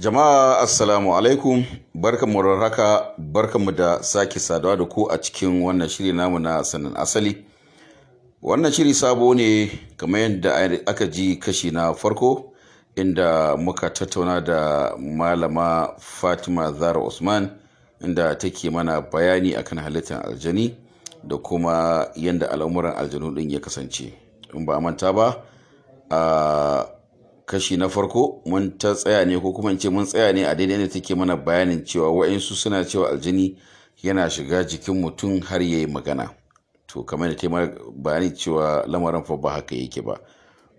Jama'a assalamu alaikum barkanmu da raka barkanmu da sake saduwa da ku a cikin wannan shiri namu na sanin asali. Wannan shiri sabo ne kamar yadda aka ji kashi na farko inda muka tattauna da malama Fatima Zara Usman inda take mana bayani akan halittar aljani da kuma yadda al'amuran aljanu din ya kasance. In ba manta ba, a kashi na farko mun ta tsaya ne ko kuma in ce mun tsaya ne a daidai da take mana bayanin cewa wa'insu suna cewa aljini yana shiga jikin mutum har ya yi magana to kamar da taimar bayani cewa lamarin fa ba haka yake ba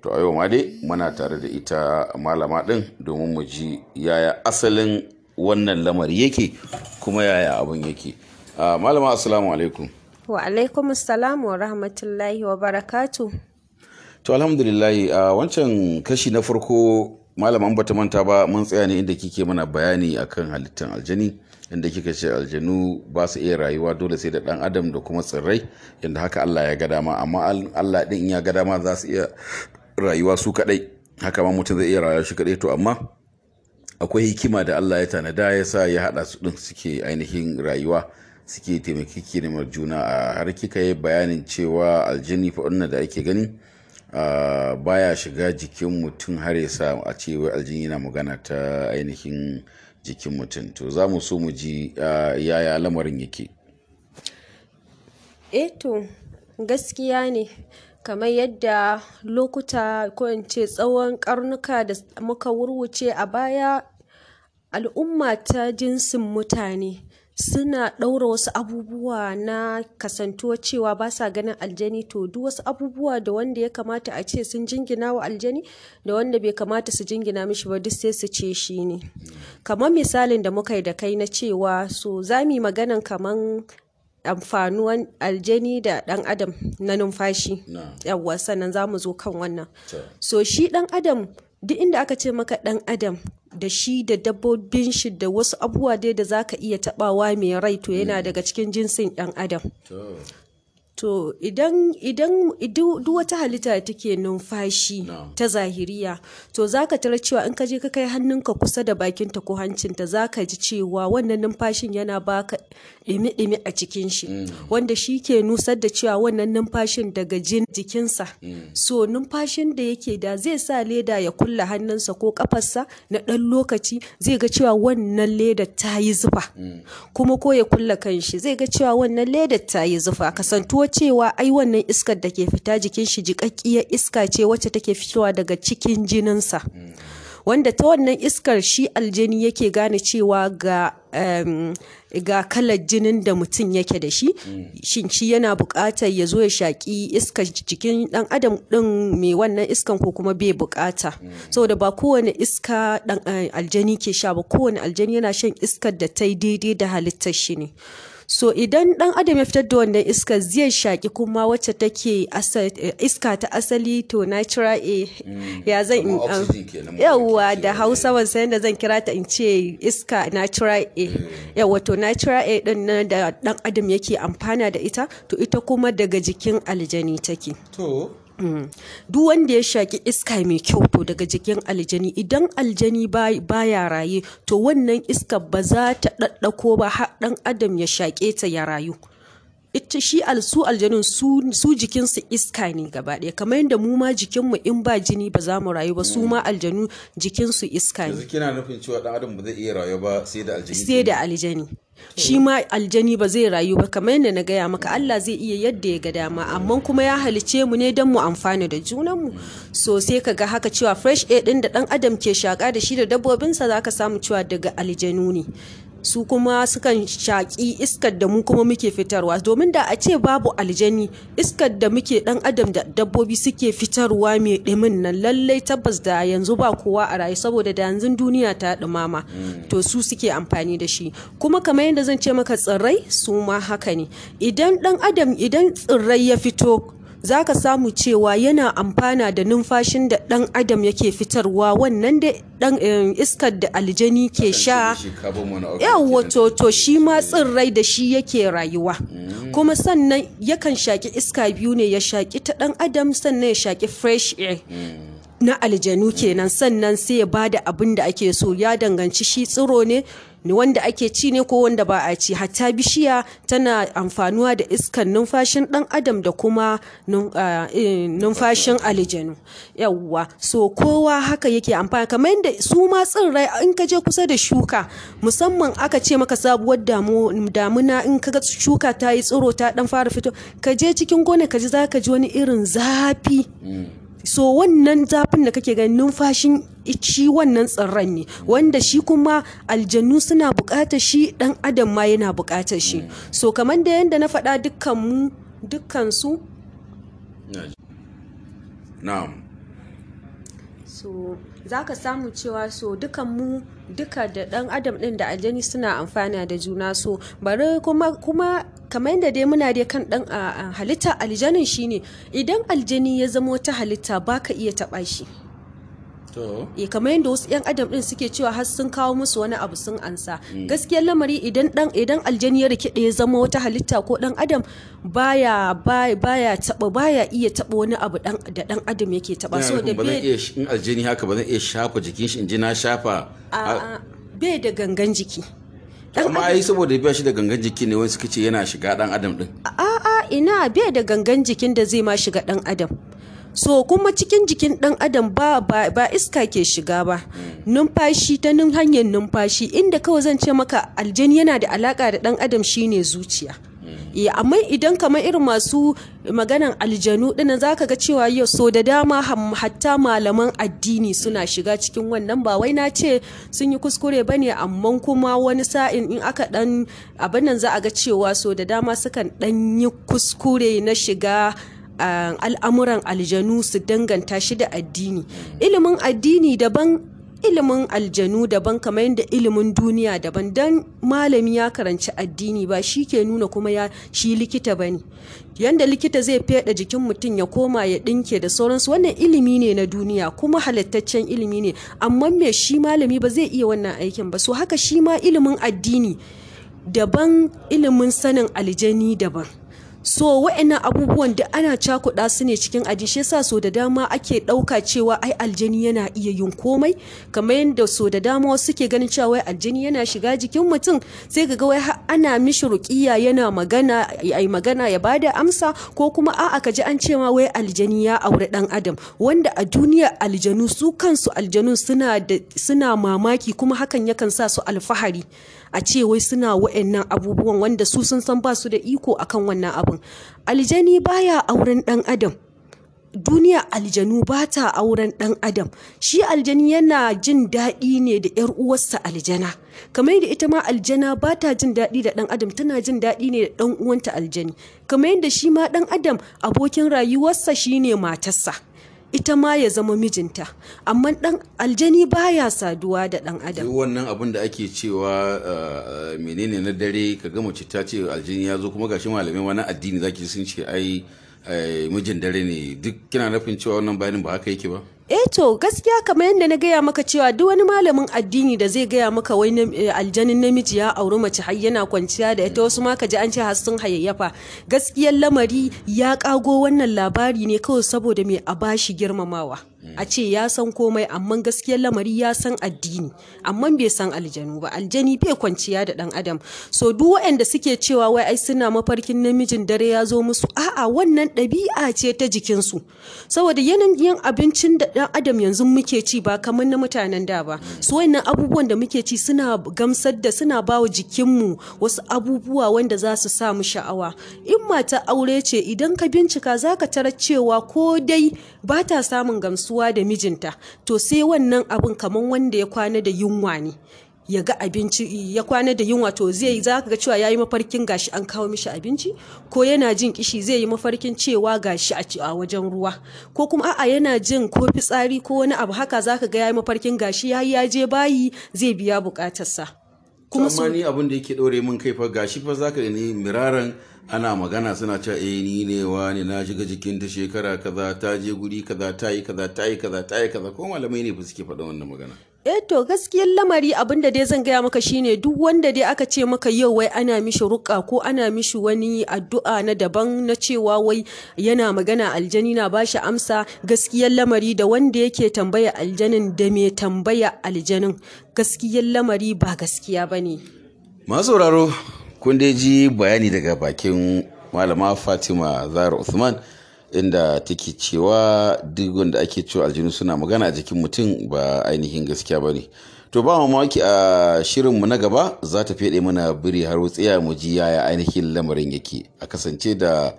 to a yau ma dai muna tare da ita malama ɗin domin mu ji yaya asalin wannan lamari yake kuma yaya abin yake ah, malama assalamu alaikum wa alaikum wa rahmatullahi wa barakatuh To alhamdulillah a wancan kashi na farko malaman bata manta ba mun tsaya ne inda kike mana bayani akan halittan aljani inda kika ce aljanu ba su iya rayuwa dole sai da dan adam da kuma tsirrai yadda haka Allah ya ga dama amma Allah din ya gada ma za su iya rayuwa su kadai haka ma mutum zai iya rayuwa shi kadai to amma akwai hikima da Allah ya tanada ya sa ya hada su din suke ainihin rayuwa suke taimakiki ne juna a har kika yi bayanin cewa aljini fa'unna da ake gani baya shiga jikin mutum har ya sa a ce wai aljini yana magana ta ainihin jikin mutum. To za mu so mu ji yaya lamarin yake. Eh to gaskiya ne kamar yadda lokuta ko in ce tsawon karnuka da muka wurwuce a baya al'umma ta jinsin mutane suna ɗaura wasu abubuwa na kasantuwa cewa ba sa ganin aljani to duk wasu abubuwa da wanda ya kamata a ce sun jingina wa aljani da wanda bai kamata su jingina mishi ba duk sai su ce shi ne kamar misalin da muka yi da kai na cewa so za mu yi maganan kamar amfanuwan aljani da ɗan adam na numfashi yawwa sannan za mu zo kan wannan so shi ɗan adam duk inda aka ce maka ɗan adam da shi da dabbobin shi da wasu abubuwa dai da zaka iya taɓawa mai rai to yana mm. daga cikin jinsin ɗan adam to idan idan duk wata halitta take numfashi ta zahiriya to zaka tara cewa in ka je ka kai hannunka kusa da bakin ta ko hancinta zaka ji cewa wannan numfashin yana baka ɗimi-ɗimi a cikin shi mm. wanda shi ke nusar da cewa wannan numfashin daga jin jikinsa mm. so numfashin da yake da zai sa leda ya kulla hannunsa ko kafarsa na ɗan lokaci zai ga cewa wannan leda ta yi zufa mm. kuma ko ya kulla kanshi zai ga cewa wannan leda ta yi zufa kasantuwa cewa ai wannan iskar da ke fita jikin shi jiƙaƙƙiyar iska ce wacce take fitowa daga cikin jininsa wanda ta wannan iskar shi aljani yake gane cewa ga um, ga kalar jinin da mutum yake da shi shin shi yana buƙatar ya zo ya shaƙi iskar jikin ɗan adam ɗin mai wannan iskan ko kuma bai buƙata saboda ba kowane iska ɗan eh, aljani ke sha ba kowane aljani yana shan iskar da ta yi daidai da halittar shi ne so idan dan adam ya fitar da wannan iska zai shaki kuma wacce take iska ta asali to natural a hmm, ya zan um, yawa da hausa wansa yadda zan kira ta in ce iska natural a hmm. yawwa to natural a din nan da dan adam yake amfana da ita to ita kuma daga jikin aljani take to Mm. duk wanda ya shaƙi iska mai kyau to daga jikin aljani idan aljani baya raye to wannan iska ba za ta ɗaɗɗako ba har ɗan adam ya shaƙe ta ya rayu ita shi su aljanun su jikinsu iska ne gaba ɗaya kamar yadda mu ma jikinmu in ba jini ba za mu rayu ba su ma aljanu jikinsu iska ne kina nufin cewa dan adam ba zai iya rayu ba sai da aljani sai da aljani shi ma aljani ba zai rayu ba kamar yadda na gaya maka Allah zai iya yadda ya ga dama amma kuma ya halice mu ne don mu amfana da junanmu so sai ka ga haka cewa fresh air ɗin da ɗan adam ke shaƙa da shi da dabbobinsa za ka samu cewa daga aljanu ne su kuma sukan shaƙi iskar da mu kuma muke fitarwa domin da a ce babu aljani iskar da muke dan adam da dabbobi suke fitarwa mai dimin nan lallai tabbas da yanzu ba kowa a rayu saboda da yanzu duniya ta ɗumama mm. to su suke amfani da shi kuma kamar yadda zan ce maka tsirrai su ma haka ne idan dan adam idan tsirrai ya fito za ka samu cewa yana amfana da numfashin da ɗan adam yake fitarwa wannan da ɗan eh, iskar da aljani ke sha yawa to shi ma tsirrai da shi yake rayuwa mm. kuma sannan yakan shaƙi iska biyu ne ya shaƙi ta ɗan adam sannan ya shaƙi fresh air mm. na aljanu kenan sannan sai ya bada abin da ake so ya danganci shi tsiro ne wanda ake ci ne ko wanda ba a ci hatta bishiya tana amfanuwa da iskan numfashin dan adam da kuma eh, numfashin aljanu yawwa so kowa haka yake amfani kamar yadda su ma tsirrai in ka je kusa da shuka musamman aka ce maka sabuwar damuna in ka ga shuka ta yi tsiro ta dan fara fito ka je cikin gona ka ji za ka ji wani irin zafi mm. so wannan zafin da kake ganin numfashin shi wannan tsirran ne wanda shi kuma aljannu suna buƙatar shi ɗan adam ma yana buƙatar shi so kamar da yadda na faɗa dukkan mu dukkan su na'am so za ka samu cewa so dukkan mu duka da dan adam din da aljani suna amfana da juna so bari kuma kuma kamar yadda dai muna dai kan dan ah, ah, halitta aljanin shine idan aljani ya zama wata halitta baka iya taba shi e kamar yadda wasu 'yan adam din suke cewa har sun kawo musu wani abu sun ansa mm. gaskiyar lamari idan dan idan aljani ya rike da ya zama wata halitta ko dan adam baya baya taba baya iya taba wani abu dan da dan adam yake taba so da bai in aljani haka ba zan iya shafa jikin shi in ji na shafa bai da gangan jiki amma ai saboda ya shi da gangan jiki ne wani suka ce yana shiga dan adam din a'a ina bai da gangan jikin da zai ma shiga dan adam so kuma cikin jikin dan adam ba ba, iska ke shiga ba hmm. numfashi ta hanyar numfashi inda kawai zan ce maka aljani yana da alaka da dan adam shine zuciya Eh, amma idan kamar irin masu maganan aljanu dinnan zaka ga cewa yau so da dama hatta malaman addini suna shiga cikin wannan ba wai na ce sun yi kuskure bane amma kuma wani sa'in in aka dan abin nan za a ga cewa so da dama sukan dan yi kuskure na shiga ah, al'amuran aljanu su danganta shi da addini ilimin addini daban ilimin aljanu daban kamar yadda ilimin duniya daban don malami ya karanci addini ba shi ke nuna kuma ya shi likita ba ne yadda likita zai fede jikin mutum ya koma ya ɗinke da sauransu wannan ilimi ne na duniya kuma halittaccen ilimi ne amma me shi malami ba zai iya wannan aikin ba so haka shi ma ilimin addini daban ilimin sanin aljani daban so wa'annan abubuwan da ana cakuɗa su ne cikin aji shi yasa so da dama ake ɗauka cewa ai aljani yana iya yin komai kamar yadda so da dama wasu ke ganin cewa wai aljani yana shiga jikin mutum sai ga wai ana mishi ruƙiya yana magana ai magana ya bada amsa ko kuma a'a ka ji an cewa wai aljani ya aure dan adam wanda a duniya aljanu su kansu aljanu suna da suna mamaki kuma hakan yakan sa su alfahari a ce wai suna wa'annan abubuwan wanda su sun san ba su da iko akan wannan abin aljani baya auren dan adam duniya aljanu ba ta auren ɗan adam shi aljani yana jin daɗi ne da ‘yar uwarsa aljana kamar yadda ita ma aljana ba ta jin daɗi da ɗan adam tana jin daɗi ne da ɗan uwanta aljani kamar yadda shi ma ɗan adam abokin rayuwarsa shine matarsa ita ma ya zama mijinta amma dan aljani baya saduwa da dan adam wannan abin da ake cewa eh, menene na dare ka gama citta ce aljani ya zo kuma gashi malamai wani addini zaki sun ce ai eh, mijin dare ne duk kina nufin cewa wannan bayanin ba haka yake ba eh to gaskiya kamar yadda na gaya maka cewa duk wani malamin addini da zai gaya maka wai eh, aljanin namiji ya auri mace har yana kwanciya da ita wasu ma kaji an ce har sun hayayyafa gaskiyar lamari ya kago wannan labari ne kawai saboda mai a bashi girmamawa a ce ya san komai amma gaskiya lamari ya san addini amma bai san aljanu ba aljani bai kwanciya da dan adam so duk waɗanda suke cewa wai ai suna mafarkin namijin dare ya zo musu a'a wannan ɗabi'a ce ta jikinsu saboda yanayin abincin da dan adam yanzu muke ci ba kamar na mutanen da ba su wannan abubuwan da muke ci suna gamsar da suna bawa jikinmu wasu abubuwa wanda za su sa mu sha'awa in mata aure ce idan ka bincika zaka tarar cewa ko dai ba ta samun gamsu. gamsuwa da mijinta to sai wannan abun kamar wanda ya kwana da yunwa ne ya ga abinci ya kwana da yunwa to zai za ka ga cewa ya yi mafarkin gashi an kawo mishi abinci ko yana jin kishi zai yi mafarkin cewa gashi a wajen ruwa ko kuma a'a yana jin ko fitsari ko wani abu haka za ka ga ya yi mafarkin gashi ya yi ya je bayi zai biya bukatarsa kuma amma ni abin da yake ɗore min kai fa gashi fa zaka ni miraran ana magana suna cewa eh ni ne wa ne na shiga jikin ta shekara kaza ta je guri kaza ta yi kaza ta yi kaza ta yi kaza ko malamai ne fa suke faɗa wannan magana Eh to gaskiyar lamari abinda dai zan gaya maka shine duk wanda dai aka ce maka yau wai ana mishi ruka ko ana mishi wani addu'a na daban na cewa wai yana magana aljani na bashi amsa gaskiyar lamari da wanda yake tambaya aljanin da me tambaya aljanin gaskiyar lamari ba gaskiya bane. ma sauraro kun dai ji bayani daga bakin malama Fatima Zahra Usman. inda take cewa duk wanda ake cewa aljinu suna magana a jikin mutum ba ainihin gaskiya ba ne to ba mamaki a shirinmu na gaba za ta fede mana biri har ya mu ji yaya ainihin lamarin yake a kasance da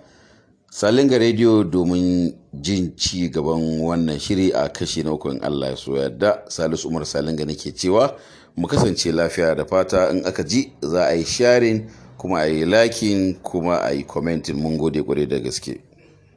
salinga rediyo domin jin ci gaban wannan shiri a kashe na uku in allah ya so yadda salisu umar salinga nake cewa mu kasance lafiya da fata in aka ji za a yi sharing kuma a yi lakin kuma a yi commenting mun gode kwarai da gaske